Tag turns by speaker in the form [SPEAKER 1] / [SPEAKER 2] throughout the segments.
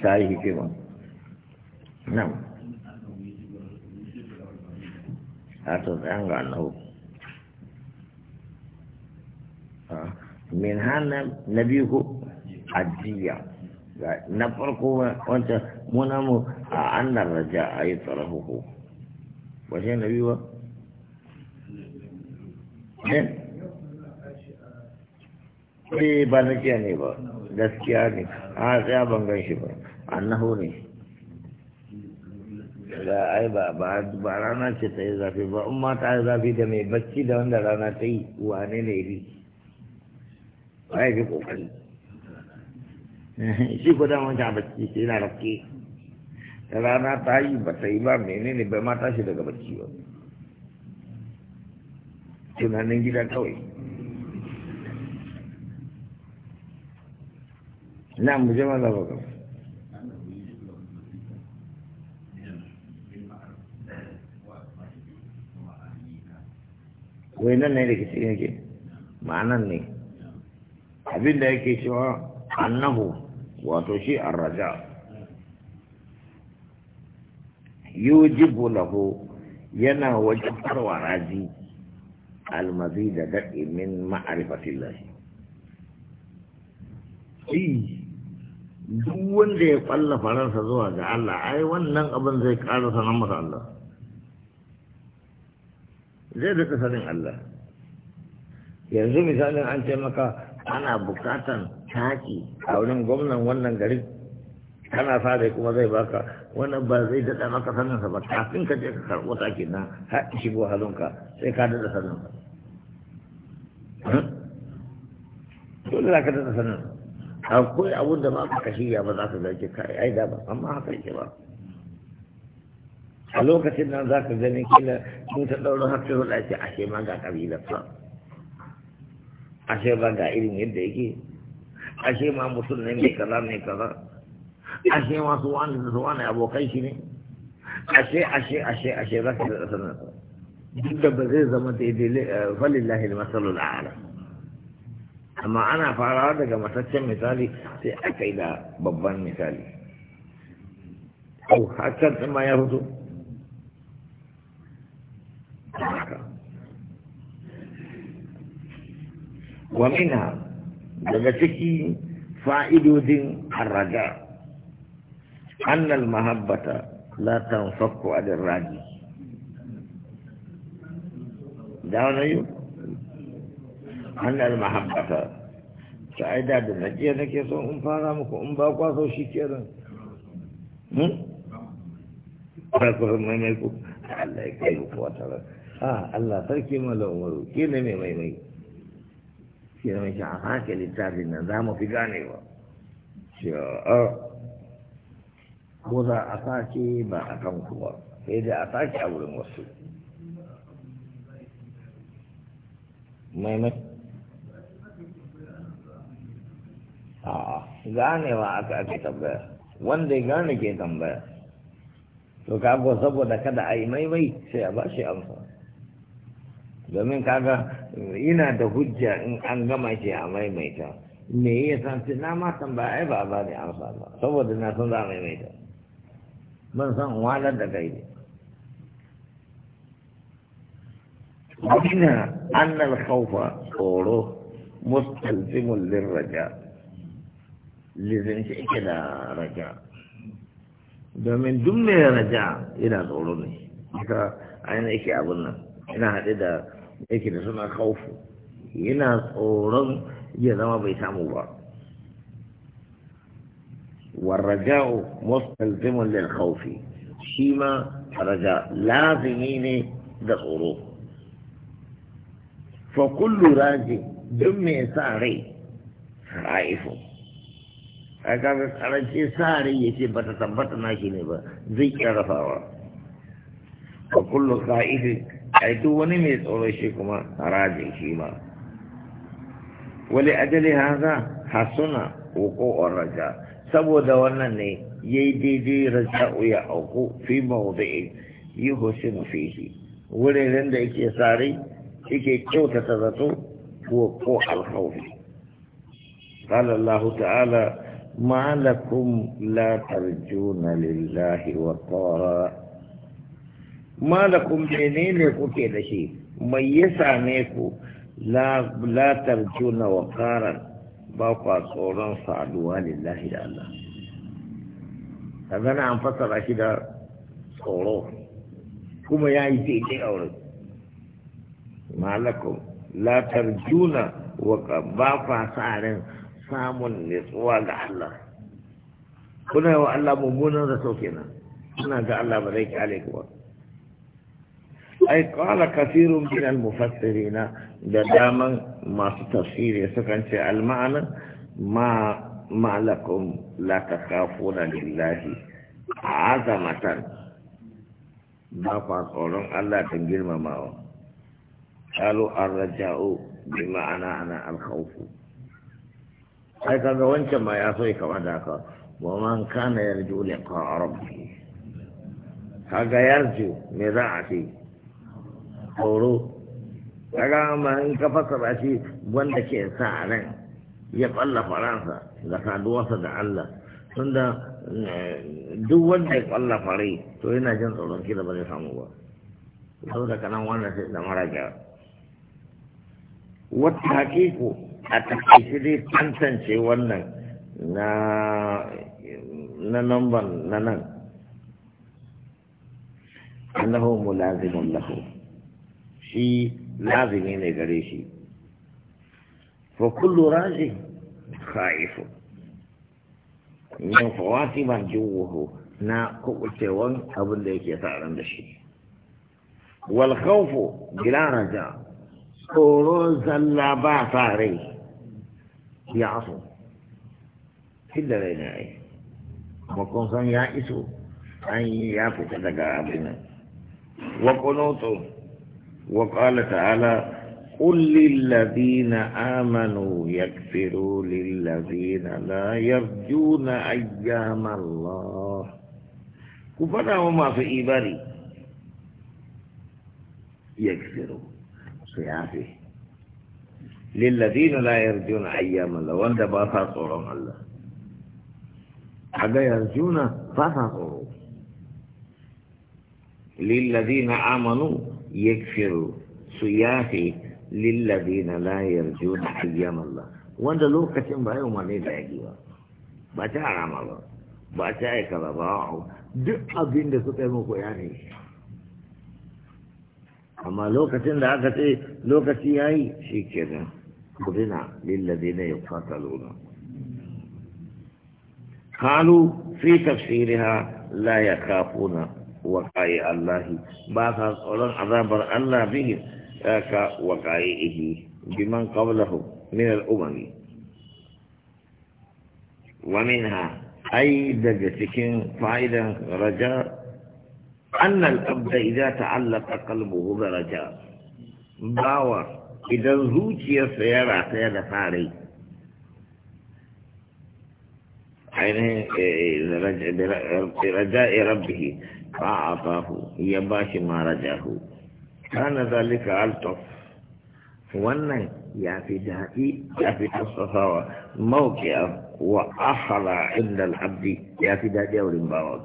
[SPEAKER 1] ta yi hikima nan a to ga annahu min hannun na biyu ku? ajiya na farko wancan muna mu a annar raja a yi tsara hukuku washe na biyu ba eh, eh ba na ne ba gaskiya ne a tsaya ban gan shi ba annahu ne da ai ba ba rana ce ta yi zafi ba umma ta yi zafi da mai bacci da wanda rana ta yi wane ne bi ba ya fi kokari shi ko da wancan bacci sai na rafke da rana ta yi ba ta yi ba menene bai ma tashi daga bacci ba tunanin gida kawai na mu je maza ba wai nan ne da ke cikin ke ma'anan ne abinda yake cewa annahu wato shi arraja yujibu lahu yana wajibtarwa raji almazi da daɗi min ma'arifatin lahi duk wanda ya kwalla faransa zuwa ga Allah ai wannan abin zai ƙara sanar masa Allah zai da sanin Allah yanzu misalin an ce maka ana bukatan taki a wurin gwamnan wannan gari kana sa dai kuma zai baka wannan ba zai daɗa maka saninsa ba kafin ka je ka karɓo taki na har shigo halinka sai ka daɗa saninsa hmm? dole za ka daɗa saninsa akwai abun da ma ka shirya ba za ka zarge kai ai da ba amma haka yake ba a lokacin nan za ka gani kila sun ta ɗaurin hafi hulɗa ce a ma ga ƙabilarsa a ba ga irin yadda yake a ma mutum ne mai kaza mai kaza a ma su wani da su wani abokai shi ne a she a she za ka da sanar duk da ba zai zama daidai eh, falillahi masalul a'ala amma ana farawa daga mataccen misali sai aka yi da babban misali au hakan ɗin ma ya fito wa minha daga ciki fa'idodin harraja annal mahabbata la tanfakku adin raji da wani yau hannar mahabbata ta aida da na nake so in fara muku in ba kwa so shi kenan ba hmm? ku mai mai ku Allah ya kai ku wata ran ah Allah sarki mala umaru ke ne mai mai mai ke mai shi a haka littafin nan za mu fi ganewa ko za a sake ba a kan ku ba sai da a sake a wurin wasu mai ganewa aka ake tambaya wanda ya gane ke tambaya to kago saboda kada a yi maimai sai a ba shi amsa domin kaga ina da hujja in an gama ke a maimaita me ya san ce na ma tambaya ai ba a ba ni amsa ba saboda na san za a maimaita ban san walar da kai ne Ina annal khawfa tsoro mustalzimul lirraja لذلك إلى رجاء ده من ضمن رجاء إلى الغلوني حتى عين إيكي أبنى إنا هذا إيكي رسولنا خوف إنا الغلون يدام بيسامو بار والرجاء مستلزم للخوف شيما رجاء لازمين دخوله فكل راجي دمي ساري خائفه a kaga karance sa rai ya ce bata tabbata na shi ne ba zai kyarrafawa a kullum ka'ifi a duk wani mai tsoron shi kuma harajin shi ma wale ajali haza hasuna a raja saboda wannan ne ya yi daidai raja ya uku fi mawdi'i yuhsinu shi wurin da yake sare yake kyautata zato ko alhaufi قال الله تعالى ما لكم لا ترجون لله وقارا ما لكم منين كوكي شيء ما يسعنيكم لا لا ترجون وقارا باقوا صورا صعدوا لله لا الله هذا أنا أنفسر أشيدا صورو كما يعني إلي أورد ما لكم لا ترجون وقارا باقوا صعدوا samun nutsuwa ga Allah kuna wa Allah mummunan zato kenan kuna ga Allah ba zai kyale ku ai qala kathirun min al-mufassirin da daman masu tafsiri sukan ce al-ma'ana ma malakum la takhafuna lillahi azamatan ba fa tsoron Allah ta girmamawa qalu ar-raja'u bi ma'ana ana al-khawfu ai kaga wancan ba ya so ya kama da haka wa man kana yarju liqa rabbi kaga yarju me za a ce horo kaga ma in ka fasara shi wanda ke sa a nan ya balla faransa saduwa saduwarsa da Allah da eh, duk wanda ya balla fare to yana jin tsoron kila ba zai samu ba saboda kanan wannan sai da mara gyara wata hakiku a takaice dai tantance wannan na na namban na nan annahu mulazimun lahu shi lazimi ne gare shi fa kullu raji khaifu min fawati man juwuhu na kubucewan abin da yake sa ran da shi wal khawfu bila raja tsoro zalla ba sa rai في عصر حل لنا وكون سان يائسو أن يعطي كذلك عبنا وقنوتو وقال تعالى قل للذين آمنوا يكفروا للذين لا يرجون أيام الله كفروا ما في إيباري يكفروا سيعافيه lillazina la yarjuna ayyama la wanda ba sa tsoron Allah kaga yarjuna ba sa tsoro lillazina amanu yakfiru su yafi lillazina la yarjuna ayyama Allah wanda lokacin ba yau mane da yaki ba ba ta harama ba ba ta aika ba ba duk abin da suka yi muku ya ne amma lokacin da aka ce lokaci ya yi shi kenan أذن للذين يقاتلون قالوا في تفسيرها لا يخافون وقاي الله بعد أولن عذاب الله به كوقائه بمن قبله من الأمم ومنها أي دقتك فائدة رجاء أن الأبد إذا تعلق قلبه برجاء باور idan zuciyarsa ya rataya da farai ainihin raja'i rabbihi fa atahu ya ba shi ma rajahu kana zalika altaf wannan ya fi daɗi ya fi tasasawa mawkiya wa ahala inda al'abdi ya fi daɗi a wurin bawa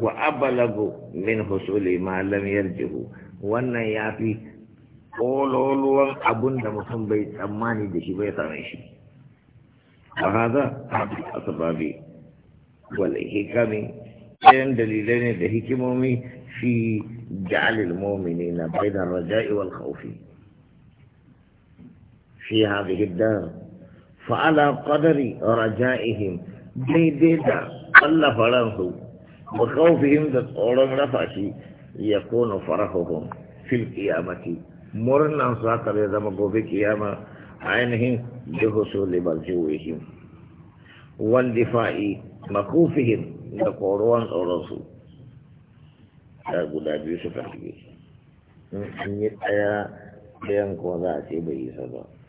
[SPEAKER 1] wa abalagu min husuli ma lam yarjihu wannan ya fi ƙololuwan abun da mutum bai tsammani da shi bai same shi a haza a sababi wal hikami ɗayan dalilai ne da hikimomi fi ja'alil mumini na bainar raja'i wal khawfi fi hadhihi dar fa ala qadari raja'ihim daidai da Allah faransu wa khawfihim da tsoron rafa shi yakunu farahuhum fil qiyamati murnan su haka zai zama gobe kiyama ainihin bi husuli marjuwihim wal difa'i makufihim da koruwan tsoron su ta guda biyu suka shige in yi tsaya da kuma za a ce bai isa ba